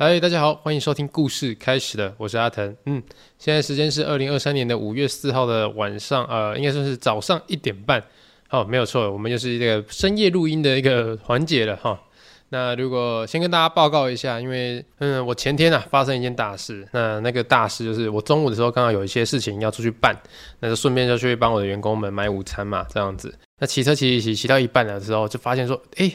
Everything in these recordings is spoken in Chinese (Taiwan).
嗨，Hi, 大家好，歡迎收聽故事開始了，我是阿騰。嗯，現在時間是二零二三年的五月四號的晚上，呃，應該算是早上一點半。好，哦，沒有錯，我們就是這個深夜錄音的一個環節了哈，哦。那如果先跟大家報告一下，因為嗯，我前天啊發生一件大事，那那個大事就是我中午的時候剛好有一些事情要出去辦，那就順便就去幫我的員工們買午餐嘛，這樣子。那騎車騎騎騎到一半的時候，就發現說，誒，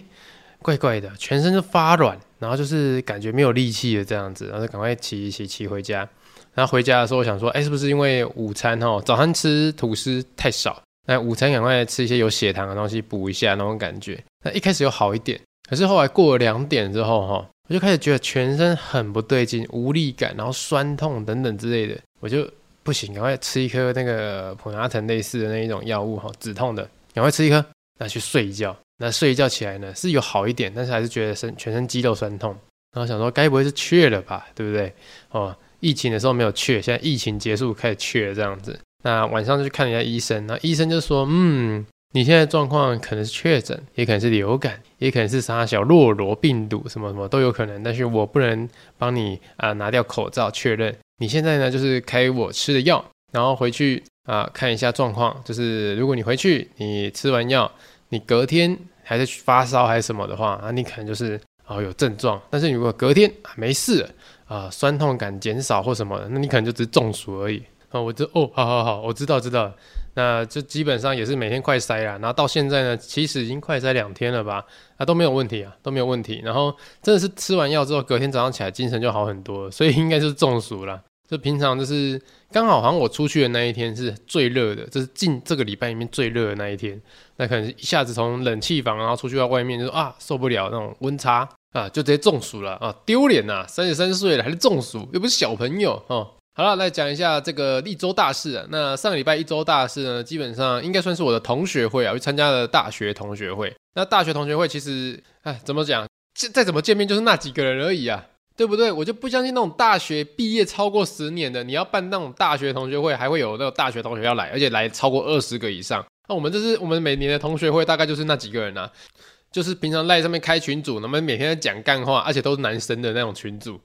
怪怪的，全身都發軟。然後就是感覺沒有力氣的這樣子，然後就趕快騎一騎騎回家。然後回家的時候，我想說，哎，是不是因為午餐哈，早餐吃吐司太少，那午餐趕快吃一些有血糖的東西補一下那種感覺。那一開始有好一點，可是後來過了兩點之後哈，我就開始覺得全身很不對勁，無力感，然後痠痛等等之類的，我就不行，趕快吃一顆那個普拿疼類似的那一種藥物哈，止痛的，趕快吃一顆，那去睡一覺。那睡一覺起來呢是有好一點，但是還是覺得身全身肌肉痠痛。然後想說該不會是確了吧，對不對？哦，疫情的時候沒有確，現在疫情結束開始確這樣子。那晚上就去看一下醫生，那醫生就說：“嗯，你現在狀況可能是確診，也可能是流感，也可能是啥小諾羅病毒，什麼什麼都有可能。但是我不能幫你啊、呃、拿掉口罩確認。你現在呢就是開我吃的藥，然後回去啊、呃、看一下狀況。就是如果你回去，你吃完藥。”你隔天還是發燒還是什麼的話，啊，你可能就是哦有症狀。但是你如果隔天、啊、沒事了啊，痠痛感減少或什麼的，那你可能就只是中暑而已。啊，我知，哦，好好好，我知道知道。那就基本上也是每天快篩了，然後到現在呢，其實已經快篩兩天了吧，啊都沒有問題啊都沒有問題。然後真的是吃完藥之後，隔天早上起來精神就好很多了，所以應該就是中暑了。就平常就是剛好，好像我出去的那一天是最熱的，就是近這個禮拜裡面最熱的那一天。那可能一下子從冷氣房然後出去到外面，就說啊受不了那種溫差啊，就直接中暑了啊，丟臉吶！三十三歲了還是中暑，又不是小朋友哦。好了，來講一下這個一周大事啊。那上個禮拜一周大事呢，基本上應該算是我的同學會啊，我去參加了大學同學會。那大學同學會其實哎，怎麼講？再再怎麼見面，就是那幾個人而已啊。對不對？我就不相信那種大學畢業超過十年的，你要辦那種大學同學會，還會有那個大學同學要來，而且來超過二十個以上。那我們就是我們每年的同學會，大概就是那幾個人啊，就是平常賴上面開群組，我們每天在講幹話，而且都是男生的那種群組。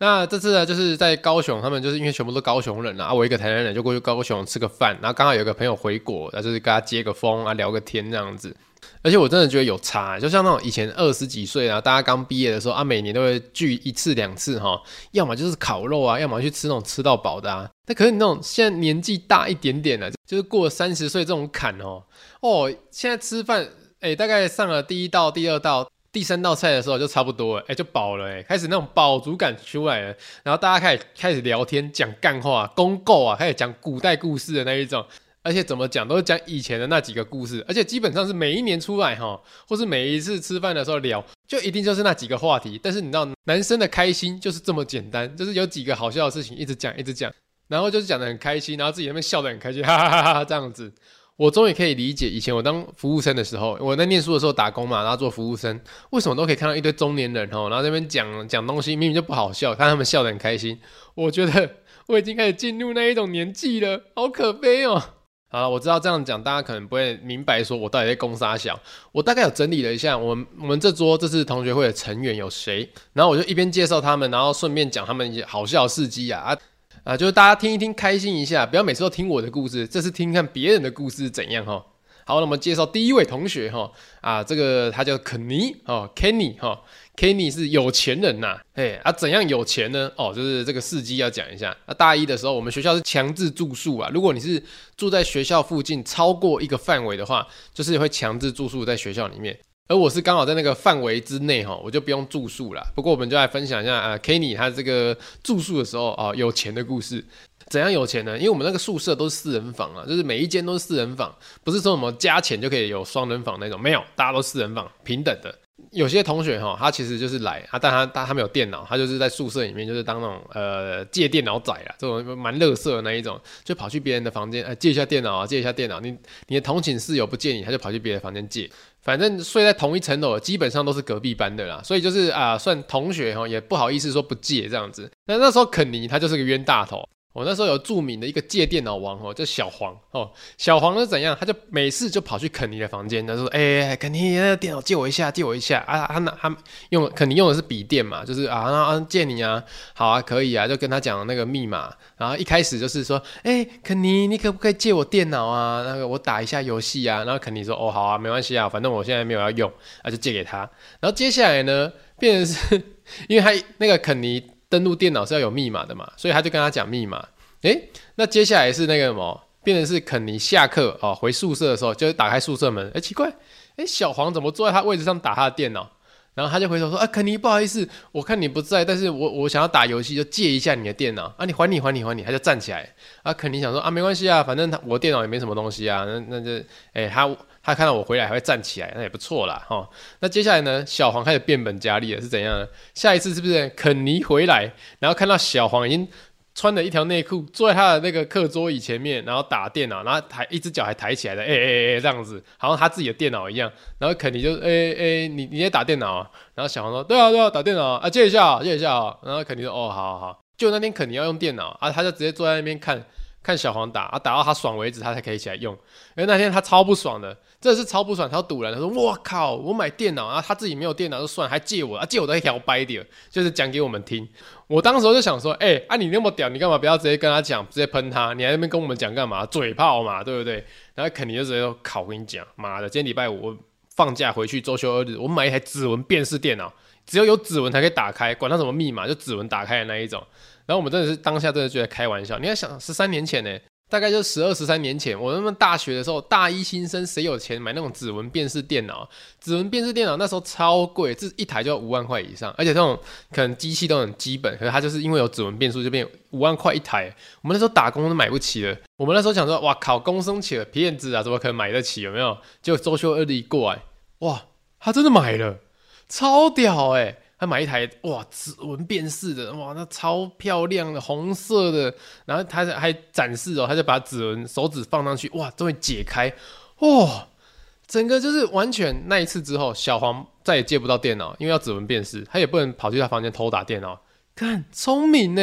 那這次呢，就是在高雄，他們就是因為全部都高雄人啊，我一個台南人就過去高雄吃個飯，然後剛好有個朋友回國，就是跟他接個風啊，聊個天這樣子。而且我真的覺得有差，就像那種以前二十幾歲啊，大家剛畢業的時候啊，每年都會聚一次兩次吼，要麼就是烤肉啊，要麼去吃那種吃到飽的啊。那可是你那種現在年紀大一點點了，啊，就是過了三十歲這種坎吼哦，現在吃飯誒、欸，大概上了第一道、第二道、第三道菜的時候就差不多誒、欸，就飽了誒、欸，開始那種飽足感出來了，然後大家開始開始聊天講幹話、公告啊，開始講古代故事的那一種。而且怎麼講都是講以前的那幾個故事，而且基本上是每一年出來哈，或是每一次吃飯的時候聊，就一定就是那幾個話題。但是你知道，男生的開心就是這麼簡單，就是有幾個好笑的事情一直講一直講，然後就是講得很開心，然後自己那邊笑得很開心，哈哈哈哈這樣子。我終於可以理解以前我當服務生的時候，我在念書的時候打工嘛，然後做服務生，為什麼都可以看到一堆中年人哈，然後那邊講講東西明明就不好笑，看他們笑得很開心。我覺得我已經開始進入那一種年紀了，好可悲哦。好了、啊，我知道這樣講大家可能不會明白，說我到底在攻三小。我大概有整理了一下，我們我們這桌這次同學會的成員有誰，然後我就一邊介紹他們，然後順便講他們一些好笑的事蹟啊啊就是大家聽一聽，開心一下，不要每次都聽我的故事，這次聽看別人的故事是怎樣哈、哦。好，那麼介紹第一位同學哈啊，這個他叫肯尼哦、啊、，Kenny 哈、啊。Kenny 是有錢人吶、啊，嘿，啊，怎樣有錢呢？哦，就是這個事蹟要講一下。那、啊、大一的時候，我們學校是強制住宿啊。如果你是住在學校附近超過一個範圍的話，就是會強制住宿在學校裡面。而我是剛好在那個範圍之內哈，我就不用住宿了。不過我們就來分享一下啊，Kenny 他這個住宿的時候哦，有錢的故事。怎樣有錢呢？因為我們那個宿舍都是四人房啊，就是每一間都是四人房，不是說什麼加錢就可以有雙人房那種，沒有，大家都四人房，平等的。有些同學哈，他其實就是來啊，但他他他沒有電腦，他就是在宿舍裡面，就是當那種呃借電腦仔啦，這種蠻垃圾的那一種，就跑去別人的房間、欸、借一下電腦啊，借一下電腦。你你的同寢室友不借你，他就跑去別的房間借，反正睡在同一層樓，基本上都是隔壁班的啦，所以就是啊、呃、算同學哈，也不好意思說不借這樣子。那那時候肯尼他就是個冤大頭。我那時候有著名的一個借電腦王哦，叫小黃哦。小黃是怎樣？他就每次就跑去肯尼的房間，他說：“哎，肯尼，那個電腦借我一下，借我一下，啊，他拿，他用肯尼用的是筆電嘛，就是啊啊，啊，借你啊，好啊，可以啊，就跟他講那個密碼。然後一開始就是說：哎，肯尼，你可不可以借我電腦啊？那個我打一下遊戲啊。然後肯尼說：哦，好啊，沒關係啊，反正我現在沒有要用，那就借給他。然後接下來呢，變成是因為他那個肯尼。”登錄電腦是要有密碼的嘛，所以他就跟他講密碼。誒，那接下來是那個什麼，變成是肯尼下課哦，回宿舍的時候就打開宿舍門。誒，奇怪，誒，小黃怎麼坐在他位置上打他的電腦？然後他就回頭說啊，肯尼，不好意思，我看你不在，但是我我想要打遊戲，就借一下你的電腦。啊，你還你還你還你還你，他就站起來。啊，肯尼想說啊，沒關係啊，反正他我電腦也沒什麼東西啊，那那就誒，他。他看到我回來還會站起來，那也不錯啦，哈。那接下來呢？小黃開始變本加厲了，是怎樣呢？下一次是不是肯尼回來，然後看到小黃已經穿了一條內褲，坐在他的那個課桌椅前面，然後打電腦，然後抬一只腳還抬起來的，哎哎哎，這樣子，好像他自己的電腦一樣。然後肯尼就哎哎、欸欸，你你也打電腦喔？然後小黃說：對啊對啊，打電腦啊，借一下借一下喔。然後肯尼說：哦、喔、好好好。就那天肯尼要用電腦啊，他就直接坐在那邊看看小黃打，啊打到他爽為止，他才可以起來用。因為那天他超不爽的。這是超不爽，超堵人。他說：“哇靠，我買電腦啊，他自己沒有電腦就算，還借我啊，借我的一條白點，就是講給我們聽。”我當時候就想說：“哎、欸、啊，你那麼屌，你幹嘛不要直接跟他講，直接噴他？你還在那邊跟我們講幹嘛？嘴炮嘛，對不對？”然後肯定就直接說：“靠，我跟你講，媽的，今天禮拜五我放假回去，週休二日，我買一台指紋辨識電腦，只要有，有指紋才可以打開，管他什麼密碼，就指紋打開的那一種。”然後我們真的是當下，真的覺就在開玩笑。你要想，十三年前呢、欸？大概就十二十三年前，我他媽大學的時候，大一新生誰有錢買那種指紋辨識電腦？指紋辨識電腦那時候超貴，這一台就要五萬塊以上，而且這種可能機器都很基本，可是它就是因為有指紋辨識就變五萬塊一台，我們那時候打工都買不起了。我們那時候想說，哇靠，工生起了騙子啊，怎麼可能買得起？有沒有？結果週休二日一過來，哇，他真的買了，超屌哎、欸！他買一台哇，指紋辨識的哇，那超漂亮的紅色的，然後他還展示哦，他就把指紋手指放上去，哇，終於解開，哇、哦，整個就是完全那一次之後，小黃再也借不到電腦，因為要指紋辨識，他也不能跑去他房間偷打電腦，看，聰明呢，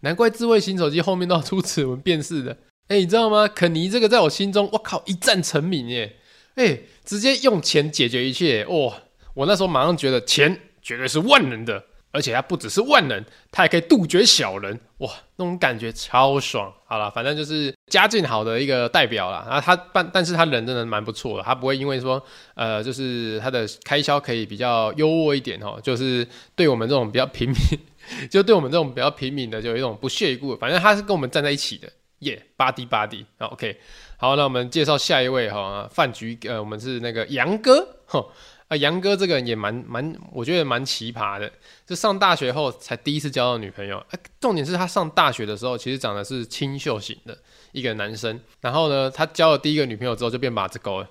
難怪智慧型手機後面都要出指紋辨識的，哎、欸，你知道嗎？肯尼這個在我心中，我靠，一戰成名耶，哎、欸，直接用錢解決一切，哇、哦，我那時候馬上覺得錢。絕對是萬能的，而且它不只是萬能，它還可以杜絕小人，哇，那種感覺超爽。好了，反正就是家境好的一個代表啦。啊、他但但是他人真的蠻不錯的，他不會因為說呃，就是他的開銷可以比較優渥一點哦，就是對我們這種比較平民， 就對我們這種比較平民的就有一種不屑一顧。反正他是跟我們站在一起的，耶，巴迪巴迪，好，OK。好，那我們介紹下一位哈，飯局，呃，我們是那個楊哥，吼啊，楊哥這個人也蠻蠻，我覺得蠻奇葩的。就上大學後才第一次交到女朋友，哎、啊，重點是他上大學的時候其實長得是清秀型的一個男生，然後呢，他交了第一個女朋友之後就變馬子狗了，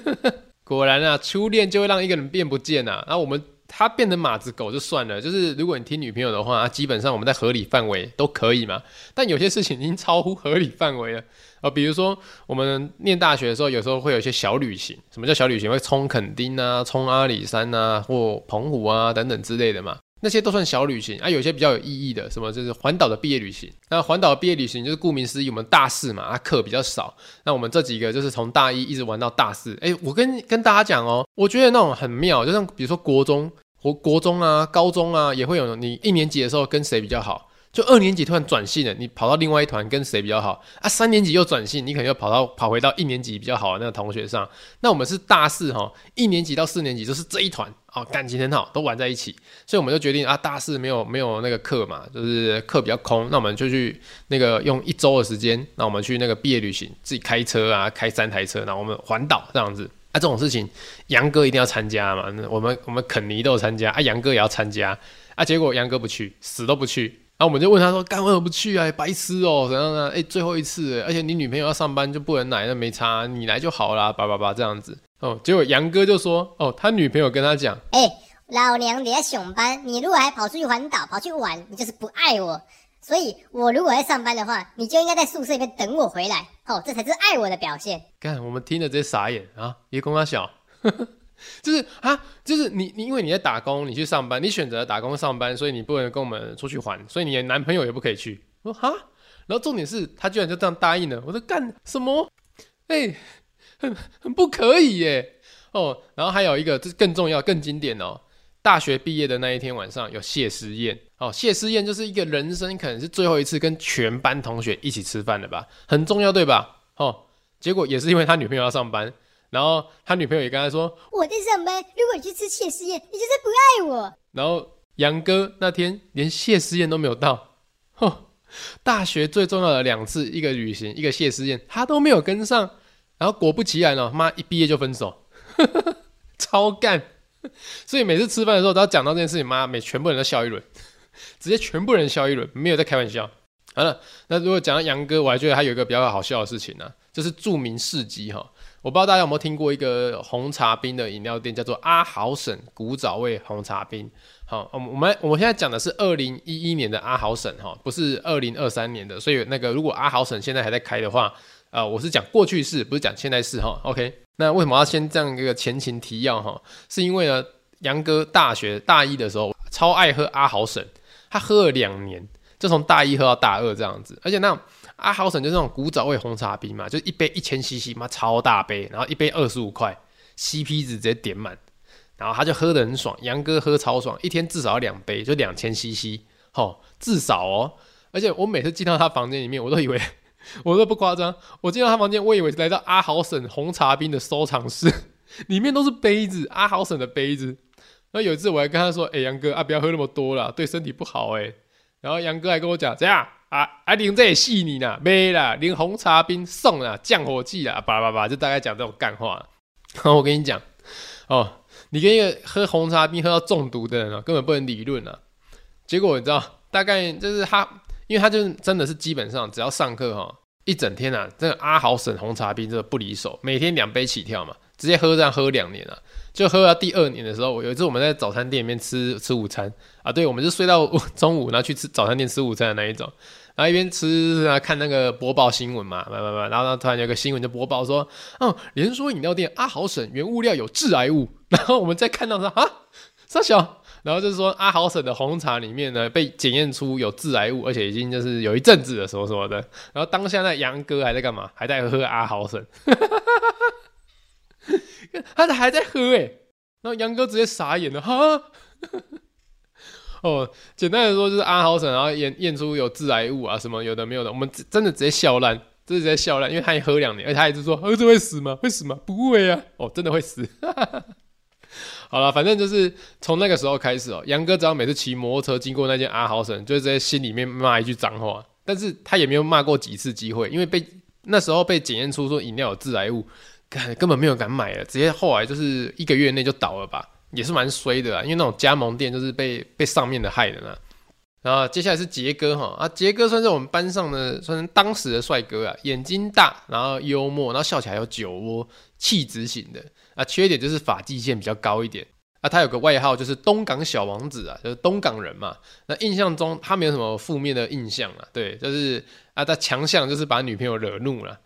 果然啊，初戀就會讓一個人變不見啊。那、啊、我們。他變成馬子狗就算了，就是如果你聽女朋友的話，啊、基本上我們在合理範圍都可以嘛。但有些事情已經超乎合理範圍了，呃，比如說我們念大學的時候，有時候會有一些小旅行。什麼叫小旅行？會衝墾丁啊，衝阿里山啊，或澎湖啊等等之類的嘛。那些都算小旅行啊，有些比較有意義的，什麼就是環島的畢業旅行。那環島畢業旅行就是顧名思義，我們大四嘛，啊課比較少。那我們這幾個就是從大一一直玩到大四。哎，我跟跟大家講哦，我覺得那種很妙，就像比如說國中國國中啊、高中啊也會有，你一年級的時候跟誰比較好。就二年級突然轉性了，你跑到另外一團跟誰比較好啊？三年級又轉性，你可能又跑到跑回到一年級比較好的那個同學上。那我們是大四哈，一年級到四年級就是這一團哦、啊，感情很好，都玩在一起。所以我們就決定啊，大四沒有沒有那個課嘛，就是課比較空，那我們就去那個用一周的時間，那我們去那個畢業旅行，自己開車啊，開三台車，然後我們環島這樣子啊。這種事情，楊哥一定要參加嘛？我們我們肯尼都要參加啊，楊哥也要參加啊。結果楊哥不去，死都不去。然後、啊、我們就問他說：“幹，為什麼不去啊？欸、白痴哦、喔，怎樣呢？哎、欸，最後一次，而且你女朋友要上班就不能來，那沒差、啊，你來就好啦。叭叭叭這樣子。哦，結果楊哥就說：哦，他女朋友跟他講，哎、欸，老娘，你在上班，你如果還跑出去環島跑去玩，你就是不愛我。所以，我如果在上班的話，你就應該在宿舍裡面等我回來。哦，這才是愛我的表現。看，我們聽着直接傻眼啊！別公開小呵呵就是啊，就是你，你因為你在打工，你去上班，你選擇打工上班，所以你不能跟我們出去玩，所以你的男朋友也不可以去。我說哈，然後重點是他居然就這樣答應了。我說幹什麼？哎、欸，很很不可以耶、欸。哦，然後還有一個，這更重要、更經典哦。大學畢業的那一天晚上有謝師宴哦，謝師宴就是一個人生可能是最後一次跟全班同學一起吃飯的吧，很重要對吧？哦，結果也是因為他女朋友要上班。然後他女朋友也跟他說：“我在上班，如果你去吃謝師宴，你就是不愛我。”然後楊哥那天連謝師宴都沒有到，哼，大學最重要的兩次，一個旅行，一個謝師宴，他都沒有跟上。然後果不其然呢、哦，媽一畢業就分手呵呵，超幹！所以每次吃飯的時候都要講到這件事情，媽每全部人都笑一輪，直接全部人笑一輪，沒有在開玩笑。好了，那如果講到楊哥，我還覺得他有一個比較好笑的事情呢、啊，就是著名事蹟哈。我不知道大家有沒有聽過一個紅茶冰的飲料店，叫做阿豪省古早味紅茶冰。好，我們我們現在講的是二零一一年的阿豪省。哈，不是二零二三年的。所以那個如果阿豪省現在還在開的話，呃，我是講過去式，不是講現在式哈。OK，那為什麼要先這樣一個前情提要哈？是因為呢，楊哥大學大一的時候超愛喝阿豪省，他喝了兩年，就從大一喝到大二這樣子，而且那。阿豪省就是那種古早味紅茶冰嘛，就一杯一千 CC 嘛，超大杯，然後一杯二十五塊，CP 值直接點滿，然後他就喝得很爽，楊哥喝超爽，一天至少要兩杯，就兩千 CC，吼、哦，至少哦，而且我每次進到他房間裡面，我都以為，我都不誇張，我進到他房間，我以為是來到阿豪省紅茶冰的收藏室，裡面都是杯子，阿豪省的杯子，然後有一次我還跟他說，哎、欸，楊哥啊，不要喝那麼多了，對身體不好哎、欸，然後楊哥還跟我講，這樣。啊啊！你、啊、這也是你啦？沒啦，連紅茶冰送啦，降火氣啦，叭叭叭，就大概講這種幹話。好， 我跟你講哦，你跟一個喝紅茶冰喝到中毒的人啊，根本不能理論了、啊。結果你知道，大概就是他，因為他就真的是基本上只要上課哈，一整天啊，這個阿豪省紅茶冰這個不離手，每天兩杯起跳嘛，直接喝這樣喝兩年了、啊，就喝到第二年的時候，有一次我們在早餐店裡面吃吃午餐啊，對，我們就睡到中午，然後去吃早餐店吃午餐的那一種。然後一邊吃，然後看那個播報新聞嘛，嘛嘛然後呢，突然有個新聞就播報說，嗯，連鎖飲料店阿豪沈原物料有致癌物。然後我們再看到說，啊，三小，然後就是說阿豪沈的紅茶裡面呢，被檢驗出有致癌物，而且已經就是有一陣子了，什麼什麼的。然後當下那楊哥還在幹嘛？還在喝阿豪沈， 他還在喝哎。然後楊哥直接傻眼了，哈。哦，簡單的說就是阿豪神，en, 然後驗驗出有致癌物啊什麼有的沒有的，我們真的直接笑爛，就直接笑爛，因為他也喝兩年，而且他一直說，喝這會死嗎？會死嗎？不會啊，哦，真的會死。哈 哈好了，反正就是從那個時候開始哦、喔，楊哥只要每次騎摩托車經過那間阿豪神，en, 就直接心裡面罵一句髒話，但是他也沒有罵過幾次機會，因為被那時候被檢驗出說飲料有致癌物，感，根本沒有敢買了，直接後來就是一個月內就倒了吧。也是蠻衰的啊，因為那種加盟店就是被被上面的害的嘛。然後接下來是杰哥哈啊，杰哥算是我們班上的，算是當時的帥哥啊，眼睛大，然後幽默，然後笑起來有酒窩，氣質型的啊，缺點就是髮際線比較高一點。啊，他有個外號就是“東港小王子”啊，就是東港人嘛。那印象中他沒有什麼負面的印象啊，對，就是啊，他強項就是把女朋友惹怒了。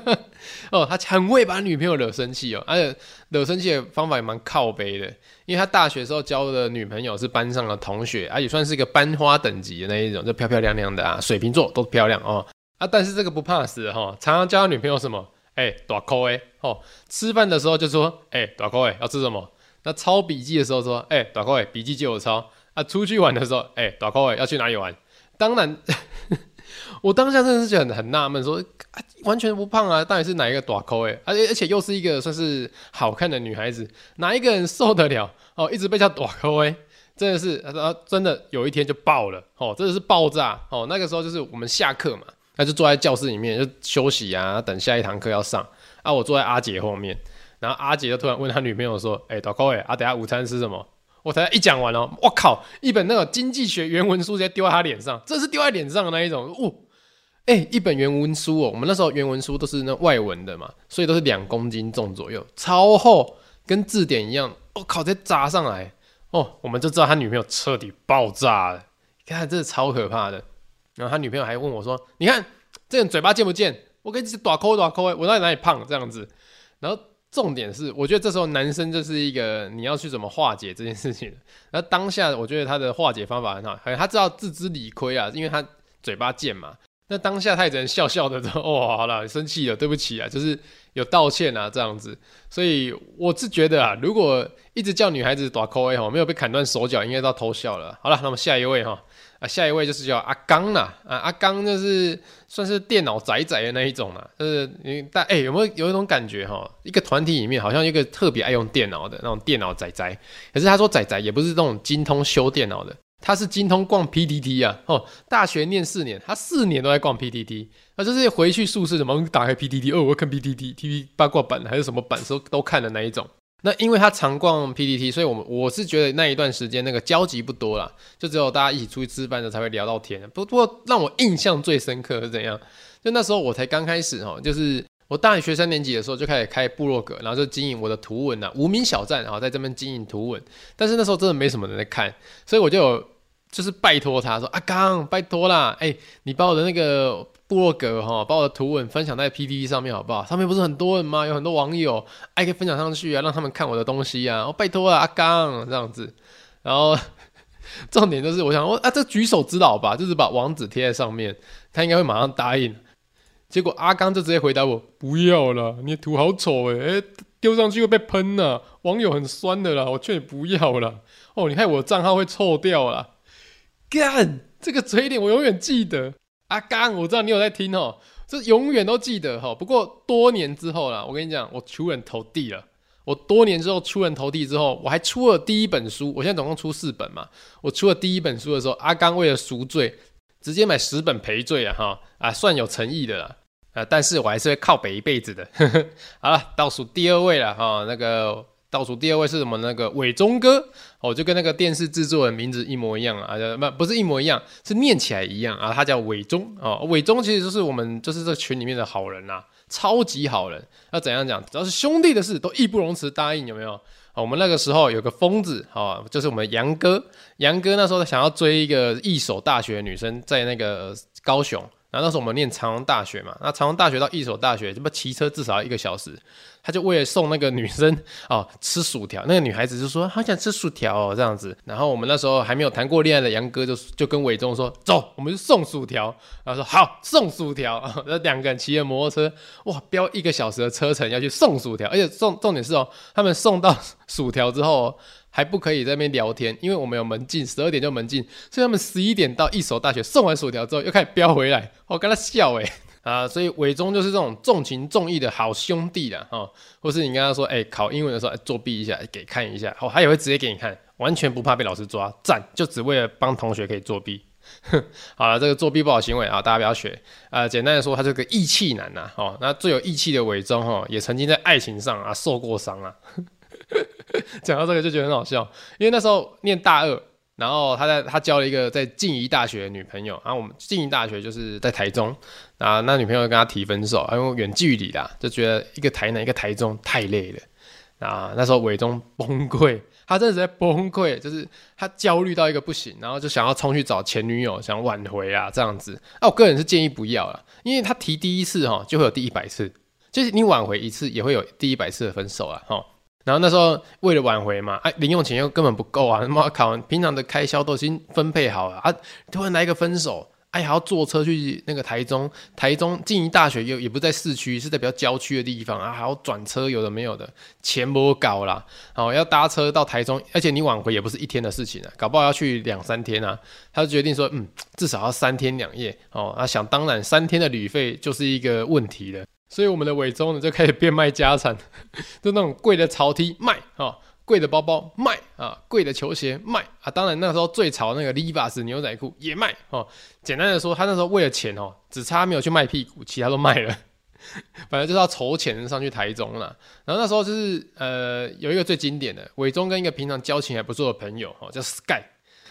哦，他很會把女朋友惹生氣哦，而、啊、且惹生氣的方法也蠻靠北的，因為他大學時候交的女朋友是班上的同學，啊，也算是一個班花等級的那一種，就漂漂亮亮的啊，水瓶座都漂亮哦。啊，但是這個不怕死哈，常常叫女朋友什麼，哎、欸，短褲哎，哦，吃飯的時候就說，哎、欸，短褲哎，要吃什麼？那抄筆記的時候說：“誒、欸，大箍欸，筆記借我抄。”啊，出去玩的時候，誒、欸，大箍欸，要去哪裡玩？當然，呵呵我當下真的是很很納悶，說、啊、完全不胖啊，到底是哪一個大箍欸？而、啊、且而且又是一個算是好看的女孩子，哪一個人受得了？哦，一直被叫大箍欸，真的是啊，真的有一天就爆了哦，真的是爆炸哦。那個時候就是我們下課嘛，他、啊、就坐在教室裡面就休息啊，等下一堂課要上啊。我坐在阿姐後面。然後阿傑就突然問他女朋友說：“哎、欸，打 call 哎！啊、等一下午餐吃什麼？”我下一講完了、哦，我靠！一本那個經濟學原文書直接丟在他臉上，這是丟在臉上的那一種。哦，哎、欸，一本原文書哦。我們那時候原文書都是那外文的嘛，所以都是兩公斤重左右，超厚，跟字典一樣。我、哦、靠，直接砸上來哦，我們就知道他女朋友徹底爆炸了。你看，真的超可怕的。然後他女朋友還問我說：“你看，這人嘴巴賤不賤？我跟你打 call 打 call 哎，我哪裡哪裡胖這樣子。”然後。重點是，我覺得這時候男生就是一個你要去怎麼化解這件事情。然後當下，我覺得他的化解方法很好，他知道自知理虧啊，因為他嘴巴賤嘛。那當下他也只能笑笑的說：“哦，好了，生氣了，對不起啊，就是有道歉啊這樣子。”所以我是覺得啊，如果一直叫女孩子打 Q A 哈，沒有被砍斷手腳，應該到偷笑了。好了，那麼下一位哈啊，下一位就是叫阿剛啦，啊。阿剛就是算是電腦宅宅的那一種嘛、啊，就是大哎、欸、有沒有有一種感覺哈？一個團體裡面好像一個特別愛用電腦的那種電腦宅宅，可是他說宅宅也不是這種精通修電腦的。他是精通逛 PTT 啊，哦，大學念四年，他四年都在逛 PTT 啊，就是回去宿舍怎麼打開 PTT 哦，我要看 PTT TV 八卦版還是什麼版都都看的那一種。那因為他常逛 PTT，所以我們我是覺得那一段時間那個交集不多啦，就只有大家一起出去吃飯的才會聊到天，不過讓我印象最深刻的是怎樣？就那時候我才剛開始哈，就是。我大學三年級的時候就開始開部落格，然後就經營我的圖文啊，無名小站，然後在這邊經營圖文。但是那時候真的沒什麼人在看，所以我就有就是拜託他說：“阿剛，拜託啦，哎、欸，你把我的那個部落格哈、喔，把我的圖文分享在 PTT 上面好不好？上面不是很多人嗎？有很多網友，哎，可以分享上去啊，讓他們看我的東西啊，我、喔、拜託了，阿剛這樣子。然後重點就是我想說，我啊，這舉手之勞吧，就是把網址貼在上面，他應該會馬上答應。”結果阿剛就直接回答我：“不要了，你的圖好醜，欸，誒，丟上去又被噴了，網友很酸的啦。我勸你不要了，哦，你看我的賬號會臭掉了。幹，這個嘴臉我永遠記得。阿剛，我知道你有在聽哦，這永遠都記得，不過多年之後啦，我跟你講，我出人頭地了。我多年之後出人頭地之後，我還出了第一本書。我現在總共出四本嘛。我出了第一本書的時候，阿剛為了贖罪。”直接買十本賠罪了，啊，哈啊，算有誠意的了啊，但是我還是會靠北一輩子的。 好了，倒數第二位了哈，啊，那個倒數第二位是什麼？那個偉宗哥哦，啊，就跟那個電視製作人名字一模一樣啊，不，啊，不是一模一樣，是念起來一樣啊。他叫偉宗。哦，啊，偉忠其實就是我們就是這群裡面的好人吶，啊，超級好人。要怎樣講？只要是兄弟的事，都義不容辭答應，有沒有？我們那個時候有個瘋子，哈、哦，就是我們楊哥，楊哥那時候他想要追一個義守大學的女生，在那個高雄，然後那時候我們念長榮大學嘛，那長榮大學到義守大學，這不騎車至少要一個小時。他就為了送那個女生哦吃薯條，那個女孩子就說好想吃薯條哦這樣子，然後我們那時候還沒有談過戀愛的楊哥就就跟偉忠說，走，我們去送薯條。然後說好送薯條，然後兩個人騎着摩托車哇飆一個小時的車程要去送薯條，而且重重點是哦，他們送到薯條之後、哦、還不可以在那邊聊天，因為我們有門禁，十二點就門禁，所以他們十一點到一所大學送完薯條之後又開始飆回來，我、哦、跟他笑哎。啊，所以偉忠就是這種重情重義的好兄弟啦。哈、哦，或是你跟他說，哎、欸，考英文的時候、欸、作弊一下，給看一下，哦，他也會直接給你看，完全不怕被老師抓，讚，就只為了幫同學可以作弊，好啦，這個作弊不好的行為啊，大家不要學。呃、啊，簡單的說，他就是個義氣男吶、啊，哦，那最有義氣的偉忠哦，也曾經在愛情上啊受過傷啊，講 到這個就覺得很好笑，因為那時候念大二。然後他在他交了一個在靜宜大學的女朋友啊，我們靜宜大學就是在台中啊，那女朋友跟他提分手啊，因為遠距離啦，就覺得一個台南一個台中太累了啊。那時候偉忠崩潰，他真的在崩潰，就是他焦慮到一個不行，然後就想要衝去找前女友想挽回啊，這樣子。啊，我個人是建議不要了，因為他提第一次吼，就會有第一百次，就是你挽回一次也會有第一百次的分手啊。吼然後那時候為了挽回嘛，哎、啊，零用錢又根本不夠啊！他媽考完平常的開銷都已經分配好了啊，突然來一個分手，哎、啊，還要坐車去那個台中，台中靜宜大學又也，也不在市區，是在比較郊區的地方啊，還要轉車，有的沒有的，錢不夠搞啦。哦，要搭車到台中，而且你挽回也不是一天的事情啊，搞不好要去兩三天啊，他就決定說，嗯，至少要三天兩夜哦，啊，想當然，三天的旅費就是一個問題了。所以我們的偉宗呢，就開始變賣家產， 就那種貴的潮 T 賣啊，貴、哦、的包包賣啊，貴、哦、的球鞋賣啊。當然那時候最潮那個 Levi's 牛仔褲也賣哦。簡單的說，他那時候為了錢哦，只差沒有去賣屁股，其他都賣了。反正就是要籌錢上去台中了。然後那時候就是呃，有一個最經典的偉宗跟一個平常交情還不錯的朋友哦，叫 Sky、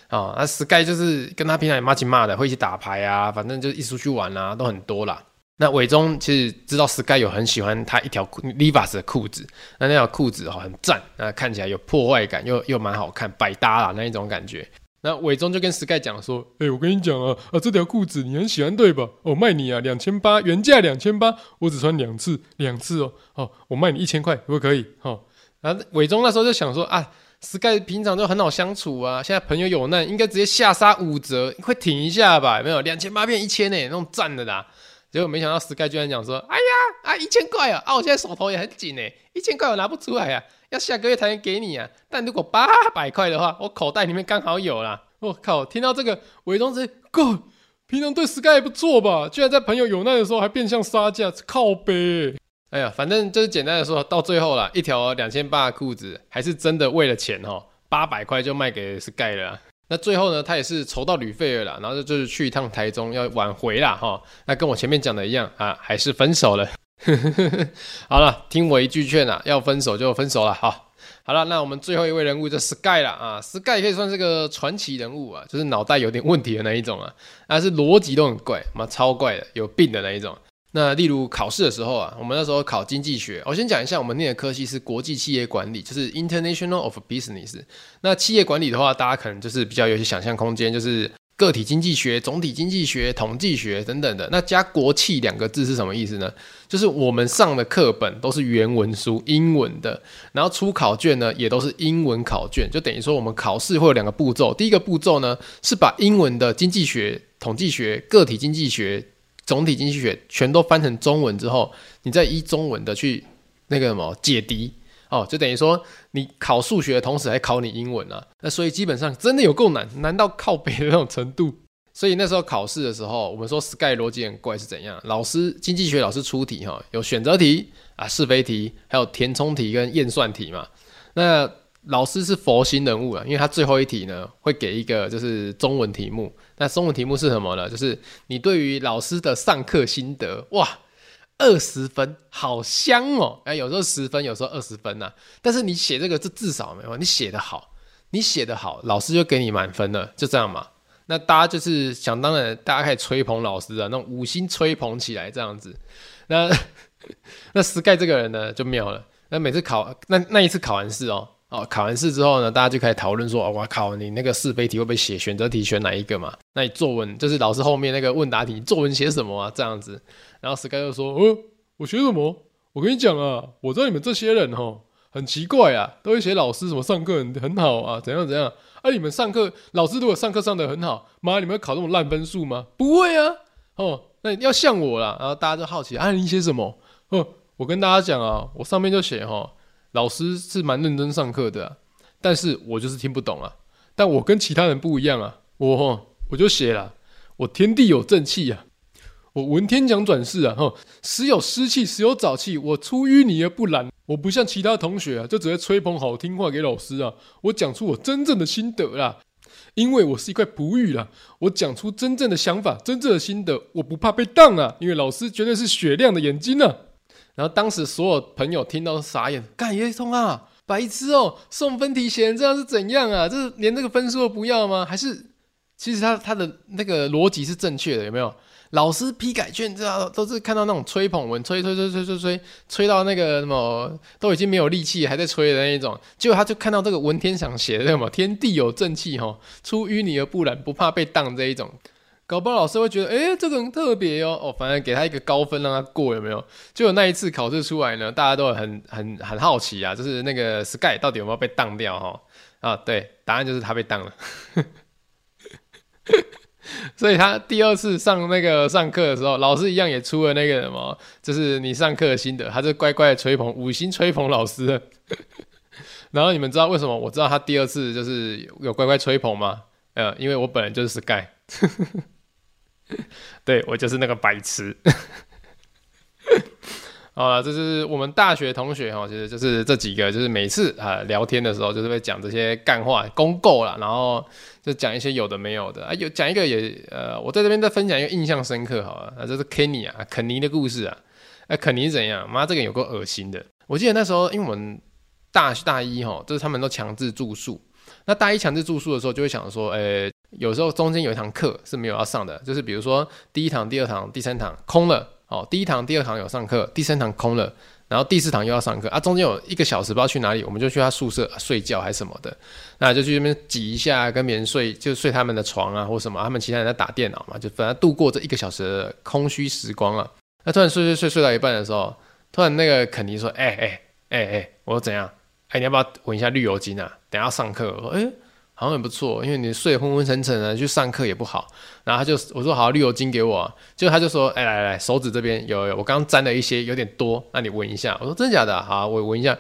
哦、啊，Sky 就是跟他平常也麻吉麻的，會一起打牌啊，反正就一出去玩啊，都很多啦。那偉中其實知道 Sky 有很喜歡他一條 Levi's 的褲子，那那條褲子哈很贊，看起來有破壞感又又蠻好看，百搭啊那一種感覺。那偉中就跟 Sky 講說：“哎、欸，我跟你講啊，啊這條褲子你很喜歡對吧？我賣你啊，兩千八，原價兩千八，我只穿兩次兩次哦，好，我賣你一千塊，可不可以？好、哦。然後、啊、偉中那時候就想說啊，Sky 平常就很好相處啊，現在朋友有難，應該直接下殺五折，快停一下吧，有沒有兩千八變一千呢，那種賺的啦。”結果沒想到 Sky 居然講說：“哎呀，啊一千塊啊，啊我現在手頭也很緊哎、欸，一千塊我拿不出來呀、啊，要下個月才能給你啊。但如果八百塊的話，我口袋裡面剛好有啦。我、哦、靠，聽到這個偽裝者，God，平常對 Sky 也不錯吧？居然在朋友有難的時候還變相殺價，靠北。哎呀，反正就是簡單的說到最後了，一條兩千八的褲子還是真的為了錢哈，八百塊就賣給 Sky 了。”那最後呢，他也是籌到旅費了啦，然後就是去一趟台中要挽回啦哈。那跟我前面講的一樣啊，還是分手了。呵呵呵呵。好了，聽我一句勸啊，要分手就分手了哈。好了，那我們最後一位人物就 Sky 了啊，啊，Sky 可以算是個傳奇人物啊，就是腦袋有點問題的那一種啊，那是邏輯都很怪，嘛，超怪的，有病的那一種。那例如考試的時候啊，我們那時候考經濟學。我先講一下，我們念的科系是國際企業管理，就是 International of Business。那企業管理的話，大家可能就是比較有些想象空間，就是個體經濟學、總體經濟學、統計學等等的。那加“國際”兩個字是什麼意思呢？就是我們上的課本都是原文書，英文的，然後出考卷呢也都是英文考卷，就等於說我們考試會有兩個步驟。第一個步驟呢是把英文的經濟學、統計學、個體經濟學。總體經濟學全都翻成中文之後，你再依中文的去那個什麼解題哦，就等於說你考數學的同時還考你英文啊，那所以基本上真的有夠難，難到靠北的那種程度。所以那時候考試的時候，我們說 Sky 邏輯很怪是怎樣？老師經濟學老師出題哈、哦，有選擇題啊、是非題，還有填充題跟驗算題嘛。那老師是佛心人物啊，因為他最後一題呢會給一個就是中文題目，那中文題目是什麼呢？就是你對於老師的上課心得，哇，二十分，好香哦、喔！哎、欸，有時候十分，有時候二十分吶、啊。但是你寫這個，這至少沒有你寫得好，你寫得好，老師就給你滿分了，就這樣嘛。那大家就是想當然，大家可以吹捧老師啊，那五星吹捧起來這樣子。那那 Sky 這個人呢就妙了，那每次考那那一次考完試哦、喔。哦，考完試之後呢，大家就開始討論說：“哦，考你那個是非題會不會寫？選擇題選哪一個嘛？那你作文就是老師後面那個問答題，你作文寫什麼啊？這樣子。”然後 Sky 就說：“哦、嗯，我學什麼？我跟你講啊，我知道你們這些人哦，很奇怪啊，都會寫老師什麼上課很很好啊，怎樣怎樣。哎、啊，你們上課老師如果上課上得很好，媽，你們會考這種爛分數嗎？不會啊，哦，那你一定要像我啦。然後大家就好奇，啊，你寫什麼？哦，我跟大家講啊，我上面就寫哈、哦。”老師是蠻認真上課的、啊，但是我就是聽不懂啊。但我跟其他人不一樣啊，我吼、哦，我就寫了、啊，我天地有正氣啊，我文天祥轉世啊吼，時有濕氣，時有燥氣，我出淤泥而不染，我不像其他同學啊，就直接吹捧好聽話給老師啊，我講出我真正的心得啊，因為我是一塊璞玉啊。我講出真正的想法，真正的心得，我不怕被當啊，因為老師絕對是雪亮的眼睛啊。然後當時所有朋友聽到傻眼，幹一通啊，白痴哦，送分題寫成這樣是怎樣啊？就是連這個分數都不要嗎？還是其實他他的那個邏輯是正確的，有沒有？老師批改卷知道都是看到那種吹捧文，吹吹吹吹吹吹吹，吹到那個什麼都已經沒有力氣還在吹的那一種，結果他就看到這個文天祥寫的什麼“天地有正氣、哦，吼，出淤泥而不染，不怕被當”這一種。搞不好老師會覺得，誒、欸，這個人特別喲、喔。哦，反正給他一個高分讓他過，有沒有？就有那一次考試出來呢，大家都很很很好奇啊，就是那個 Sky 到底有沒有被當掉哈？啊，對，答案就是他被當了。 所以他第二次上那個上課的時候，老師一樣也出了那個什麼，就是你上課的心得，他就乖乖的吹捧，五星吹捧老師。然後你們知道為什麼？我知道他第二次就是有乖乖吹捧嗎？呃，因為我本來就是 Sky。 對，我就是那個白痴，好了， 這是我們大學同學哈、喔，其實就是這幾個，就是每次啊聊天的時候，就是會講這些幹話、公告啦，然後就講一些有的沒有的，哎、啊，有講一個也呃，我在這邊再分享一個印象深刻，好了，那就是肯尼啊，ia, 肯尼的故事啊，哎、啊，肯尼怎樣？媽，這個有夠噁心的，我記得那時候因為我們大大一哈、喔，就是他們都強制住宿，那大一強制住宿的時候，就會想說，哎、欸。有時候中間有一堂課是沒有要上的，就是比如說第一堂、第二堂、第三堂空了，哦，第一堂、第二堂有上課，第三堂空了，然後第四堂又要上課啊，中間有一個小時不知道去哪裡，我們就去他宿舍、啊、睡覺還是什麼的，那就去那邊擠一下跟別人睡，就睡他們的床啊或什麼、啊，他們其他人在打電腦嘛，就反正度過這一個小時的空虛時光啊。那突然睡睡睡睡到一半的時候，突然那個肯尼說：“哎哎哎哎，我說怎樣、欸？哎你要不要聞一下綠油精啊？等下要上課。”哎。好像很不錯，因為你睡得昏昏沉沉的去上課也不好。然後他就我說好，綠油精給我、啊，就他就說，哎、欸、來來，手指這邊有有，我剛沾了一些，有點多，那你聞一下。我說真假的？好，我聞一下，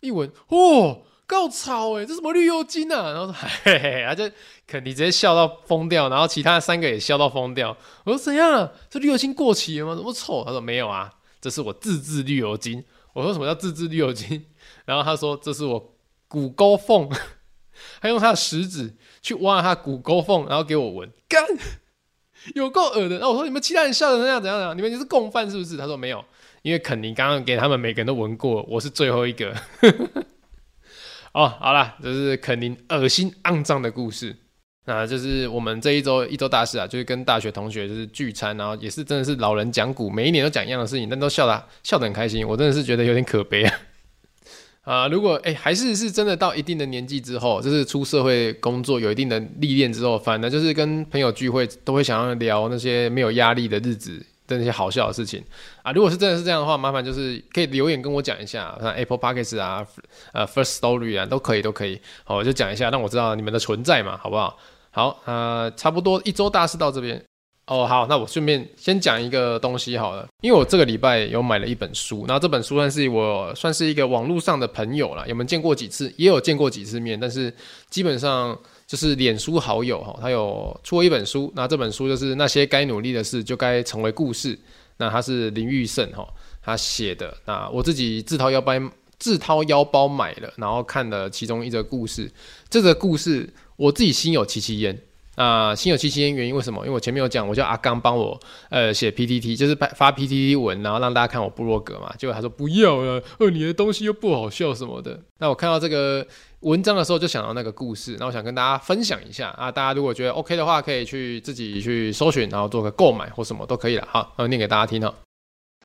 一聞，哦，夠臭哎，這什麼綠油精啊？然後說，嘿嘿嘿，他就肯定直接笑到瘋掉，然後其他三個也笑到瘋掉。我說怎樣？這綠油精過期了嗎？怎麼臭？他說沒有啊，這是我自制綠油精。我說什麼叫自制綠油精？然後他說這是我骨溝縫。還用他的食指去挖他的骨溝縫，然後給我聞，幹，有夠噁的。那我說你們其他人笑的那樣怎樣怎樣？你們也是共犯是不是？他說沒有，因為肯寧剛剛給他們每個人都聞過，我是最後一個。 哦，好啦，這、就是肯寧噁心骯髒的故事，那就是我們這一周一周大事啊，就是跟大學同學就是聚餐，然後也是真的是老人講古，每一年都講一樣的事情，但都笑得笑得很開心。我真的是覺得有點可悲啊。啊、呃，如果哎，還是是真的到一定的年紀之後，就是出社會工作有一定的歷練之後的，反正就是跟朋友聚會都會想要聊那些沒有壓力的日子的那些好笑的事情啊、呃。如果是真的是這樣的話，麻煩就是可以留言跟我講一下，像 Apple Podcast 啊，呃、啊、，First Story 啊，都可以，都可以。好，我就講一下，讓我知道你們的存在嘛，好不好？好，呃，差不多一周大事到這邊。哦，好，那我順便先講一個東西好了，因為我這個禮拜有買了一本書，那這本書算是我算是一個網絡上的朋友啦，有沒有見過幾次？也有見過幾次面，但是基本上就是臉書好友哈、喔，他有出一本書，那這本書就是那些該努力的事就該成為故事，那他是林玉勝哈、喔、他寫的，那我自己自掏腰包自掏腰包買了，然後看了其中一則故事，這個故事我自己心有戚戚焉。那心、呃、有戚戚，因原因為什麼？因為我前面有講，我叫阿剛幫我呃寫 PTT，就是發 PTT 文，然後讓大家看我部落格嘛。結果他說不要了，哦、呃，你的東西又不好笑什麼的。那我看到這個文章的時候，就想到那個故事。那我想跟大家分享一下啊，大家如果覺得 OK 的話，可以去自己去搜尋，然後做個購買或什麼都可以了。好，那我念給大家聽啊。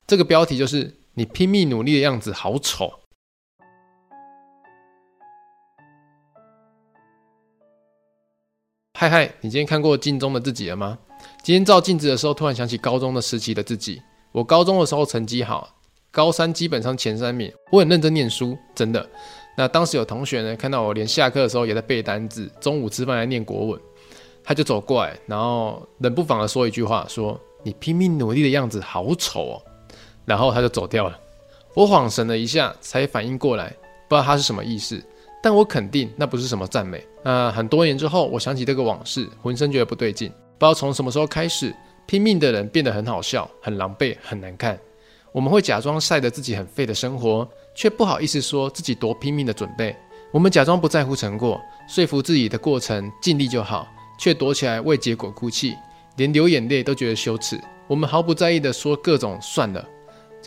這個標題就是你拼命努力的樣子好醜。嗨嗨，你今天看過鏡中的自己了嗎？今天照鏡子的時候，突然想起高中的時期的自己。我高中的時候成績好，高三基本上前三名。我很認真念書，真的。那當時有同學呢，看到我連下課的時候也在背單字，中午吃飯還念國文，他就走過來，然後冷不防的說一句話，說：“你拼命努力的樣子好醜哦。”然後他就走掉了。我恍神了一下，才反應過來，不知道他是什麼意思。但我肯定那不是什麼讚美。呃，很多年之後，我想起這個往事，渾身覺得不對勁。不知道從什麼時候開始，拼命的人變得很好笑、很狼狽、很難看。我們會假裝曬得自己很廢的生活，卻不好意思說自己多拼命的準備。我們假裝不在乎成果，說服自己的過程盡力就好，卻躲起來為結果哭泣，連流眼淚都覺得羞恥。我們毫不在意地說各種算了，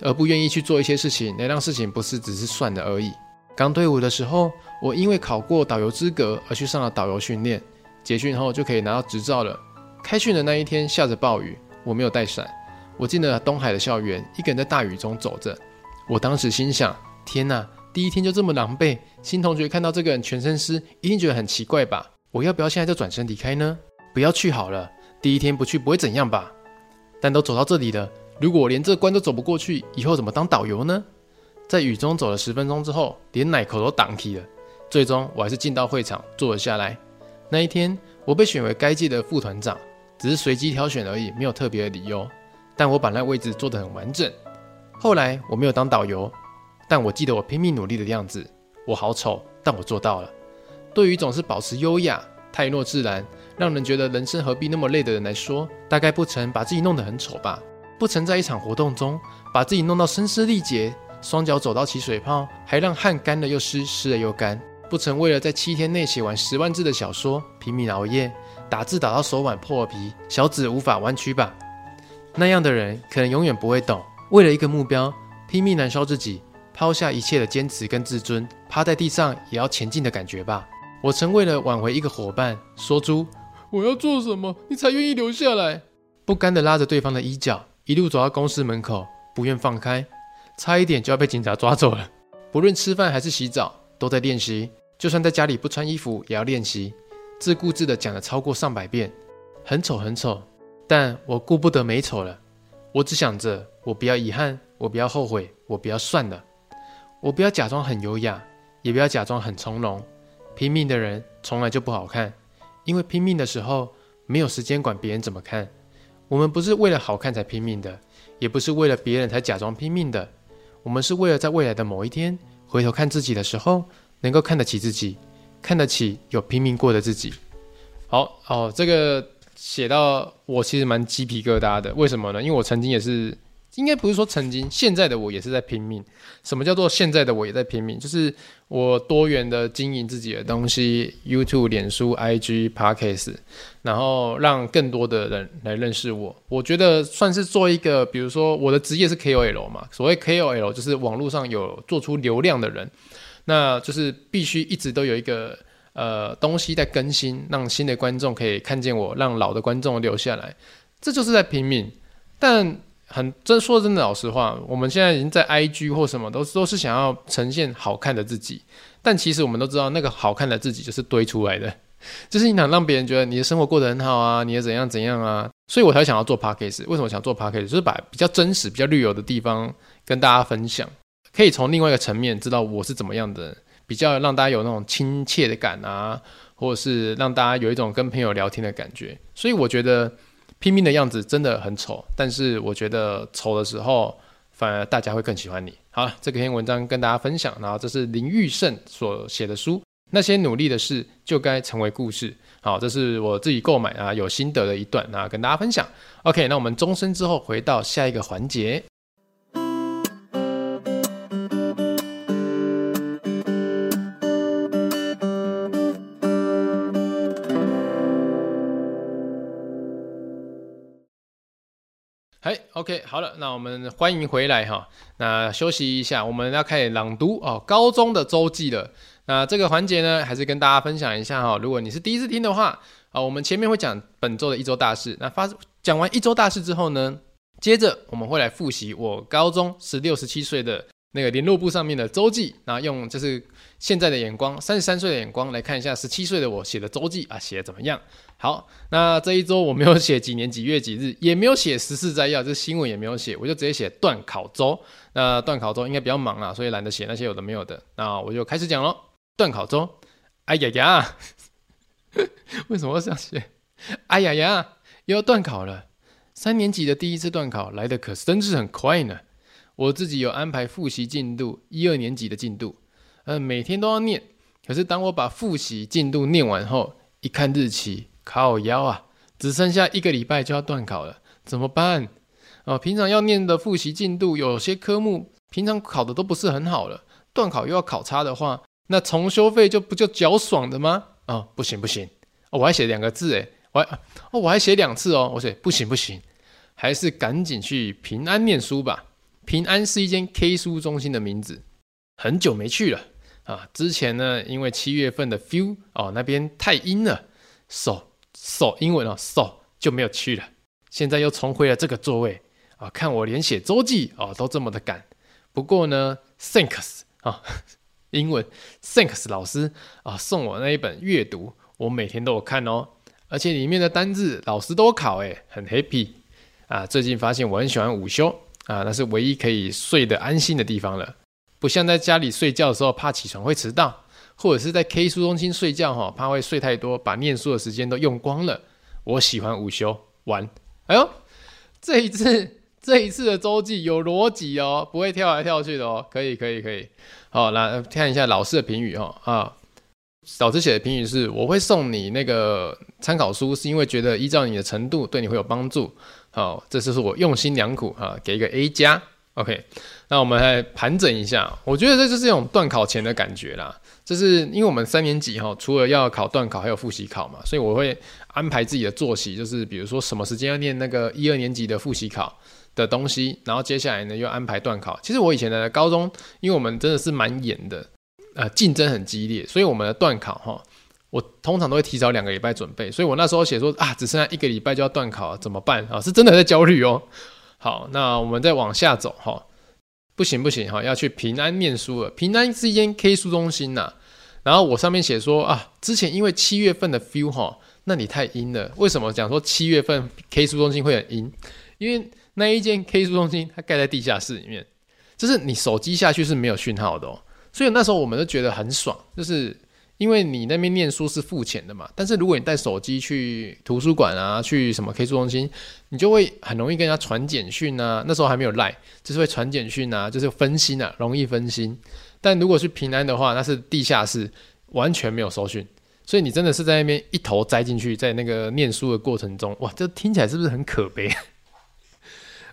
而不願意去做一些事情，能讓事情不是只是算了而已。剛退伍的時候，我因為考過導遊資格而去上了導遊訓練，結訓後就可以拿到執照了。開訓的那一天下着暴雨，我沒有帶傘。我進了東海的校園，一個人在大雨中走着。我當時心想：天哪，第一天就這麼狼狽。新同學看到這個人全身濕，一定覺得很奇怪吧？我要不要現在就轉身離開呢？不要去好了，第一天不去不會怎樣吧？但都走到這裡了，如果我連這關都走不過去，以後怎麼當導遊呢？在雨中走了十分鐘之後，連奶口都擋起了。最終我還是進到會場坐了下來。那一天，我被選為該屆的副團長，只是隨機挑選而已，沒有特別的理由。但我把那位置做得很完整。後來我沒有當導遊，但我記得我拼命努力的樣子。我好醜，但我做到了。對於總是保持優雅、泰若自然，讓人覺得人生何必那麼累的人來說，大概不曾把自己弄得很醜吧？不曾在一場活動中把自己弄到聲嘶力竭，雙腳走到起水泡，還讓汗乾了又濕，濕了又乾。不曾為了在七天內寫完十萬字的小說，拼命熬夜，打字打到手腕破皮，小指無法彎曲吧？那樣的人可能永遠不會懂，為了一個目標，拼命燃燒自己，拋下一切的堅持跟自尊，趴在地上也要前進的感覺吧？我曾為了挽回一個夥伴，說出我要做什麼，你才願意留下來，不甘地拉着對方的衣角，一路走到公司門口，不願放開，差一點就要被警察抓走了。不論吃飯還是洗澡。都在練習，就算在家裡不穿衣服也要練習。自顧自地講了超過上百遍，很醜很醜。但我顧不得美醜了，我只想着我不要遺憾，我不要後悔，我不要算了，我不要假裝很優雅，也不要假裝很從容。拼命的人從來就不好看，因為拼命的時候沒有時間管別人怎麼看。我們不是為了好看才拼命的，也不是為了別人才假裝拼命的，我們是為了在未來的某一天，回頭看自己的時候，能夠看得起自己，看得起有拼命過的自己。好好、哦，這個寫到我其實蠻雞皮疙瘩的，為什麼呢？因為我曾經也是。應該不是說曾經，現在的我也是在拼命。什麼叫做現在的我也在拼命？就是我多元的經營自己的東西，YouTube、臉書、IG、Podcast，然後讓更多的人來認識我。我覺得算是做一個，比如說我的職業是 KOL 嘛。所謂 KOL 就是網絡上有做出流量的人，那就是必須一直都有一個呃東西在更新，讓新的觀眾可以看見我，讓老的觀眾留下來。這就是在拼命，但很真說真的老實話，我們現在已經在 IG 或什麼都是，都都是想要呈現好看的自己。但其實我們都知道，那個好看的自己就是堆出來的，就是你想讓別人覺得你的生活過得很好啊，你也怎樣怎樣啊。所以我才想要做 Podcast，為什麼我想做 Podcast？就是把比較真實、比較綠油的地方跟大家分享，可以從另外一個層面知道我是怎麼樣的人，比較讓大家有那種親切的感啊，或者是讓大家有一種跟朋友聊天的感覺。所以我覺得。拼命的樣子真的很醜，但是我覺得醜的時候反而大家會更喜歡你。好了，這篇文章跟大家分享，然後這是林玉勝所寫的書，《那些努力的事就該成為故事》。好，這是我自己購買啊有心得的一段啊，跟大家分享。OK，那我們終身之後回到下一個環節。OK，好了，那我們歡迎回來哈。那休息一下，我們要開始朗讀哦，高中的周記了。那這個環節呢，還是跟大家分享一下哈。如果你是第一次聽的話，啊，我們前面會講本周的一周大事。那發講完一周大事之後呢，接着我們會來復習我高中十六、十七歲的。那個聯絡簿上面的周記，那用就是現在的眼光，三十三歲的眼光來看一下十七歲的我寫的周記啊，寫得怎麼樣？好，那這一周我沒有寫幾年幾月幾日，也沒有寫時事摘要，這、就是、新聞也沒有寫，我就直接寫段考周。那段考周應該比較忙啦，所以懶得寫那些有的沒有的。那我就開始講咯，段考周，哎呀呀， 為什麼要這樣寫？哎呀呀，又要段考了，三年級的第一次段考來得可真是很快呢。我自己有安排複習進度，一二年級的進度，呃，每天都要念。可是當我把複習進度念完後，一看日期，靠腰啊，只剩下一個禮拜就要段考了，怎麼辦？哦，平常要念的複習進度，有些科目平常考的都不是很好了，段考又要考差的話，那重修費就不就腳爽的嗎？哦，不行不行，哦、我還寫兩個字，哎，我還哦我還寫兩次哦，我寫不行不行，還是趕緊去平安念書吧。平安是一間 K 書中心的名字，很久沒去了啊！之前呢，因為七月份的 few 哦，那邊太陰了，so so 英文哦，so 就沒有去了。現在又重回了這個座位啊！看我連寫周記哦都這麼的趕。不過呢，thanks 啊、哦，英文 thanks 老師啊送我那一本閱讀，我每天都有看哦，而且裡面的單字老師都考耶，很 happy 啊！最近發現我很喜歡午休。啊，那是唯一可以睡得安心的地方了。不像在家裡睡覺的時候怕起床會遲到，或者是在 K 書中心睡覺哦，怕會睡太多，把念書的時間都用光了。我喜歡午休，玩。哎呦，這一次，這一次的周記有邏輯哦，不會跳來跳去的哦，可以，可以，可以。好，來看一下老師的評語哦。啊，老師寫的評語是：我會送你那個參考書，是因為覺得依照你的程度，對你會有幫助。好、哦，這就是我用心良苦啊、哦，給一個 A 加，OK。那我們來盤整一下，我覺得這就是一種段考前的感覺啦。就是因為我們三年級哈，除了要考段考，還有複習考嘛，所以我會安排自己的作息，就是比如說什麼時間要念那個一二年級的複習考的東西，然後接下來呢又安排段考。其實我以前的高中，因為我們真的是蠻嚴的，呃，競爭很激烈，所以我們的段考哈。我通常都會提早兩個禮拜準備，所以我那時候寫說啊，只剩下一個禮拜就要段考了，怎麼辦啊？是真的在焦慮哦。好，那我們再往下走哈、哦，不行不行哈、哦，要去平安念書了。平安是一間 K 書中心吶、啊，然後我上面寫說啊，之前因為七月份的 view 哈、哦，那你太陰了。為什麼講說七月份 K 書中心會很陰？因為那一間 K 書中心它蓋在地下室裡面，就是你手機下去是沒有訊號的哦。所以那時候我們都覺得很爽，就是。因為你那邊念書是付錢的嘛，但是如果你帶手機去圖書館啊，去什麼 K 書中心，你就會很容易跟人家傳簡訊啊。那時候還沒有賴，就是會傳簡訊啊，就是分心啊，容易分心。但如果去平安的話，那是地下室，完全沒有收訊，所以你真的是在那邊一頭栽進去，在那個念書的過程中，哇，這聽起來是不是很可悲啊？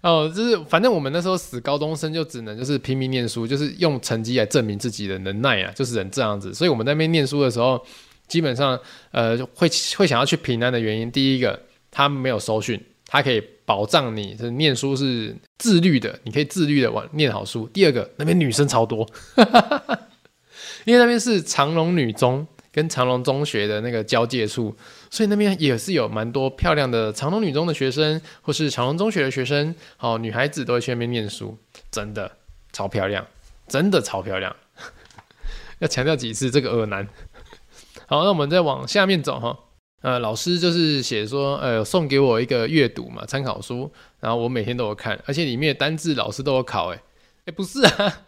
哦，就是反正我們那時候死高中生就只能就是拼命念書，就是用成績來證明自己的能耐啊，就是人這樣子。所以我們在那邊念書的時候，基本上呃會會想要去平安的原因，第一個他沒有收訊，他可以保障你，就是念書是自律的，你可以自律的往念好書。第二個那邊女生超多，哈哈哈，因為那邊是長榮女中。跟長榮中學的那個交界處，所以那邊也是有蠻多漂亮的長榮女中的學生，或是長榮中學的學生，喔，好女孩子都會去那邊念書，真的超漂亮，真的超漂亮。要強調幾次這個惡男？好，那我們再往下面走哈。呃，老師就是寫說，呃，送給我一個閱讀嘛，參考書，然後我每天都有看，而且裡面的單字老師都有考，誒誒不是啊，啊，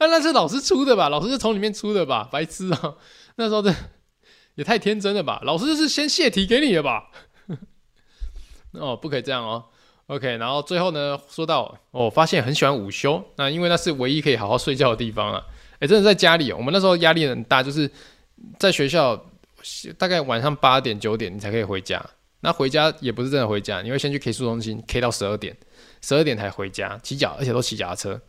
那那是老師出的吧？老師是從裡面出的吧？白痴啊、喔！那時候這也太天真了吧！老師就是先洩題給你了吧？ 哦，不可以這樣哦。OK，然後最後呢，說到、哦、我發現很喜歡午休，那因為那是唯一可以好好睡覺的地方啊。誒、欸,真的在家裡、喔，我們那時候壓力很大，就是在學校大概晚上八點九點你才可以回家，那回家也不是真的回家，你會先去 K 書中心 K 到十二點，十二點才回家，騎腳而且都騎腳踏車。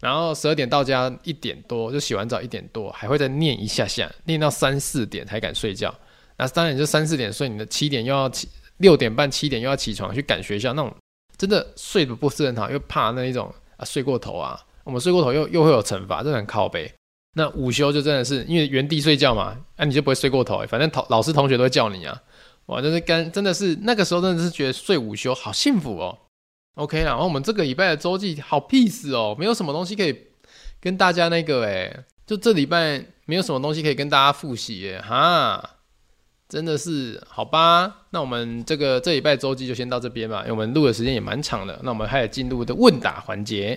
然後十二點到家，一點多就洗完澡，一點多還會再念一下下，念到三四點才敢睡覺，那、啊、當然你就三四點睡，你的七點又要起六點半七點又要起床去趕學校，那種真的睡得不是很好，又怕那一種啊睡過頭啊，我們睡過頭又又會有懲罰，真的很靠背。那午休就真的是因為原地睡覺嘛，那、啊、你就不會睡過頭，欸，反正同老師同學都會叫你啊，哇，就是跟真的是那個時候真的是覺得睡午休好幸福哦。OK，然後我們這個禮拜的週記好 peace 哦，沒有什麼東西可以跟大家那個誒，就這禮拜沒有什麼東西可以跟大家複習耶哈，真的是好吧？那我們這個這禮拜的週記就先到這邊吧，因為我們錄的時間也蠻長的。那我們還有進入的問答環節。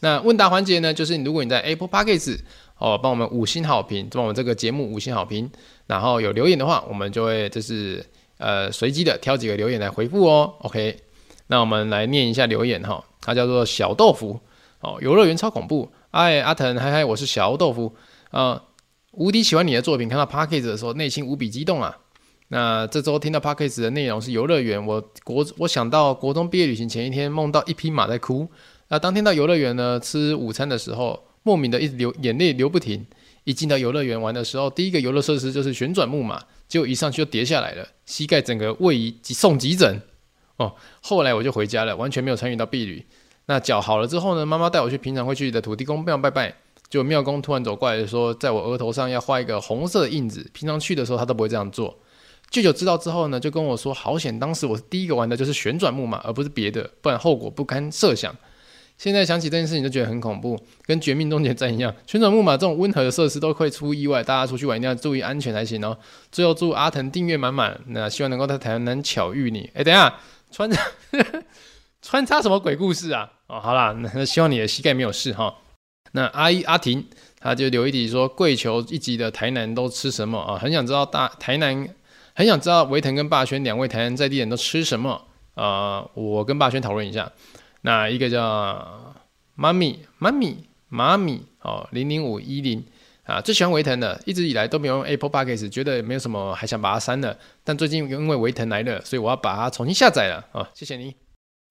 那問答環節呢，就是你如果你在 Apple Podcast 哦幫我們五星好評，幫我們這個節目五星好評，然後有留言的話，我們就會就是呃隨機的挑幾個留言來回復哦。OK。那我們來念一下留言哈、哦，它叫做小豆腐哦，遊樂園超恐怖！哎，阿騰嗨嗨，我是小豆腐啊、呃，無敵喜歡你的作品，看到 Podcast 的時候內心無比激動啊。那這周聽到 Podcast 的內容是遊樂園，我國我想到國中畢業旅行前一天夢到一匹馬在哭，那、啊、當天到遊樂園呢吃午餐的時候，莫名的一直流眼淚流不停，一進到遊樂園玩的時候，第一個遊樂設施就是旋轉木馬，結果一上去就跌下來了，膝蓋整個位移即送急診。哦，後來我就回家了，完全沒有參與到畢旅。那腳好了之後呢，媽媽帶我去平常會去的土地公廟拜拜。就廟公突然走過來說，在我額頭上要畫一個紅色的印子。平常去的時候他都不會這樣做。舅舅知道之後呢，就跟我說：“好險，當時我是第一個玩的就是旋轉木馬，而不是別的，不然後果不堪設想。”現在想起這件事情就覺得很恐怖，跟絕命終結站一樣。旋轉木馬這種溫和的設施都會出意外，大家出去玩一定要注意安全才行哦。最後祝阿騰訂閱滿滿，那希望能夠在台南能巧遇你。哎、欸，等一下。穿插呵呵，穿插什麼鬼故事啊？哦，好啦，那希望你的膝蓋沒有事哈、哦。那阿姨阿婷，她就留一題說，跪求一集的台南都吃什麼啊、呃？很想知道大台南，很想知道維騰跟霸軒兩位台南在地人都吃什麼啊、呃？我跟霸軒討論一下。那一個叫媽咪媽咪媽咪哦，零零五一零。啊，最喜歡維騰的，一直以來都沒有用 Apple Podcast，覺得沒有什麼，還想把它刪了。但最近因為維騰來了，所以我要把它重新下載了。啊、哦，謝謝你。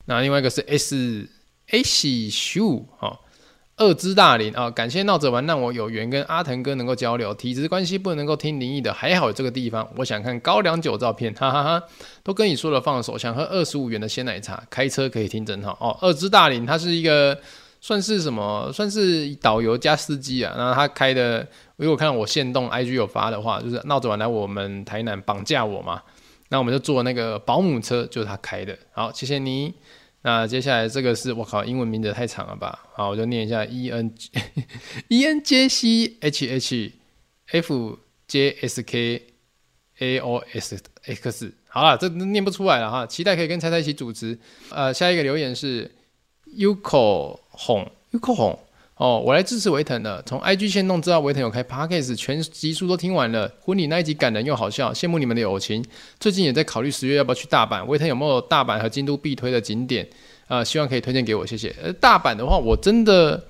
那、啊、另外一個是 S A XU 哈，二之大林啊、哦，感謝鬧着玩，讓我有緣跟阿騰哥能夠交流。體質關係不能夠聽靈異的，還好有這個地方，我想看高粱酒照片，哈，哈哈哈。都跟你說了放手，想喝二十五元的鮮奶茶，開車可以聽真好哦。二之大林，它是一個。算是什麼？算是導遊加司機啊！那他開的，如果看到我限動 IG 有發的話，就是鬧着玩來我們台南綁架我嘛。那我們就坐那個保姆車，就是他開的。好，謝謝你。那接下來這個是我靠，英文名字太長了吧？好，我就念一下：E N E N J C H H F J S K A O S X。好了，這念不出來了哈。期待可以跟猜猜一起組織。呃，下一個留言是 Uco。哄又靠哄哦！我來支持維騰了。從 IG 先弄知道維騰有開 Podcast，全集數都聽完了，婚禮那一集感人又好笑，羨慕你們的友情。最近也在考慮十月要不要去大阪，維騰有沒有大阪和京都必推的景點？呃，希望可以推薦給我，謝謝。呃，大阪的話，我真的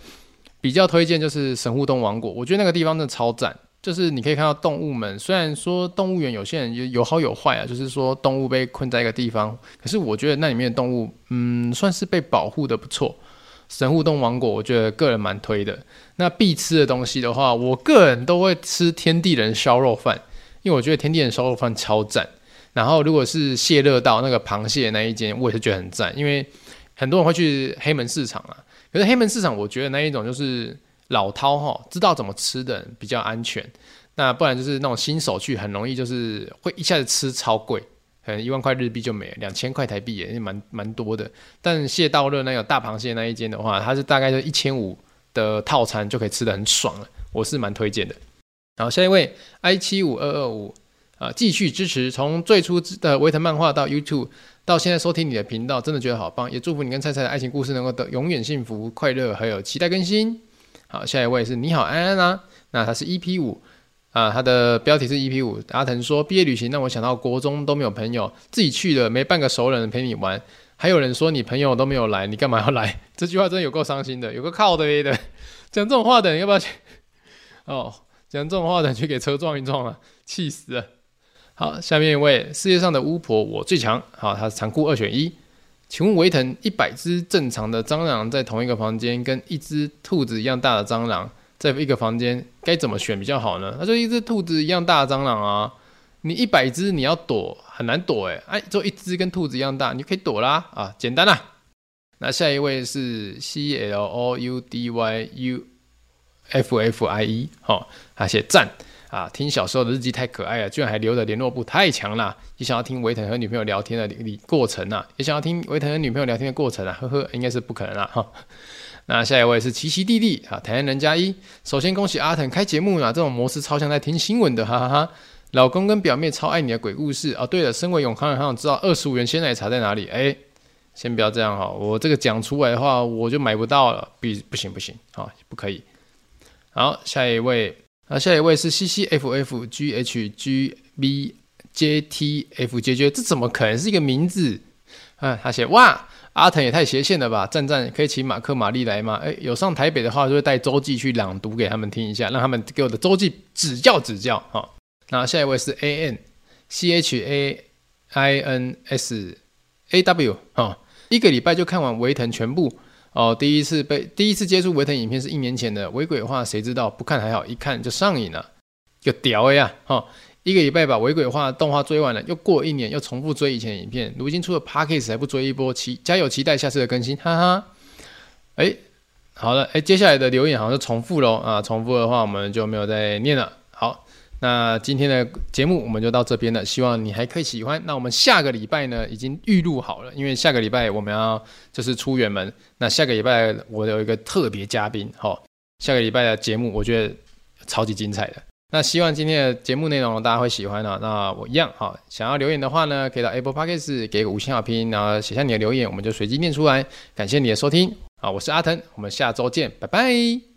比較推薦就是神戶動物王國，我覺得那個地方真的超讚，就是你可以看到動物們。雖然說動物園有些人有有好有壞啊，就是說動物被困在一個地方，可是我覺得那裡面的動物，嗯，算是被保護得不錯。神戶洞王國，我覺得個人蠻推的。那必吃的東西的話，我個人都會吃天地人燒肉飯，因為我覺得天地人燒肉飯超贊。然後，如果是蟹樂道那個螃蟹那一間，我也是覺得很贊，因為很多人會去黑門市場啊。可是黑門市場，我覺得那一種就是老饕吼，知道怎麼吃的比較安全。那不然就是那種新手去，很容易就是會一下子吃超貴。可能一萬塊日幣就沒了，兩千塊台幣也蠻蠻多的。但蟹道樂那個，有大螃蟹那一間的話，它是大概就一千五的套餐就可以吃得很爽了，我是蠻推薦的。好，下一位 i 七五二二五啊，繼續支持從最初的維騰漫畫到 YouTube，到現在收聽你的頻道，真的覺得好棒，也祝福你跟菜菜的愛情故事能夠永遠幸福快樂，還有期待更新。好，下一位是你好安安啊，那他是 EP 五。啊，他的標題是 EP5，阿騰說畢業旅行，讓我想到國中都沒有朋友自己去的，沒半個熟人陪你玩，還有人說你朋友都沒有來，你幹嘛要來？這句話真的有夠傷心的，有個靠的的，講這種話的，你要不要去？哦，講這種話的你去給車撞一撞啊，氣死啊！好，下面一位世界上的巫婆我最強，好，他是殘酷二選一，請問維騰一百隻正常的蟑螂在同一個房間，跟一隻兔子一樣大的蟑螂。在一個房間該怎麼選比較好呢？那、啊、就一隻兔子一樣大的蟑螂啊！你一百隻你要躲很難躲哎、欸，哎、啊，就一隻跟兔子一樣大，你就可以躲啦啊，簡單啦、啊。那下一位是 C L O U D Y U F F I E 哈，他寫讚啊！聽小時候的日記太可愛了，居然還留着聯絡簿，太強了！也想要聽維騰和女朋友聊天的理過程啊，也想要聽維騰和女朋友聊天的過程啊，呵呵，應該是不可能啊哈。那下一位是奇奇蒂蒂啊，台南人加一。首先恭喜阿騰開節目啊，這種模式超像在聽新聞的，哈哈哈。老公跟表妹超愛你的鬼故事哦、啊。對了，身為永康人，想知道二十五元鮮奶茶在哪裡？哎、欸，先不要這樣哈，我這個講出來的話，我就買不到了，不不行不行，啊，不可以。好，下一位，啊下一位是 C C F F G H G B J T F J J，這怎麼可能是一個名字？啊、他寫哇，阿騰也太斜線了吧！站站可以請馬克馬利來嗎、欸？有上台北的話，就會帶周記去朗讀給他們聽一下，讓他們給我的周記指教指教啊。那下一位是 AN C H A I N S A W 一個禮拜就看完維騰全部哦。第一次被第一次接觸維騰影片是一年前的，維鬼的話誰知道？不看還好，一看就上癮了、啊，就屌呀哈。一個禮拜把尾鬼話動畫追完了，又過一年又重複追以前的影片，如今出了 Podcast 還不追一波期，期，加油，期待下次的更新，哈哈。哎、欸，好了，哎、欸，接下來的留言好像是重複嘍、哦、啊，重複的話我們就沒有再念了。好，那今天的節目我們就到這邊了，希望你還可以喜歡。那我們下個禮拜呢已經預錄好了，因為下個禮拜我們要就是出遠門。那下個禮拜我有一個特別嘉賓，好、哦，下個禮拜的節目我覺得超級精彩的。那希望今天的節目內容大家會喜歡呢、哦。那我一樣好，想要留言的話呢，可以到 Apple Podcasts，給個五星好評，然後寫下你的留言，我們就隨機念出來。感謝你的收聽，好，我是阿騰，我們下周見，拜拜。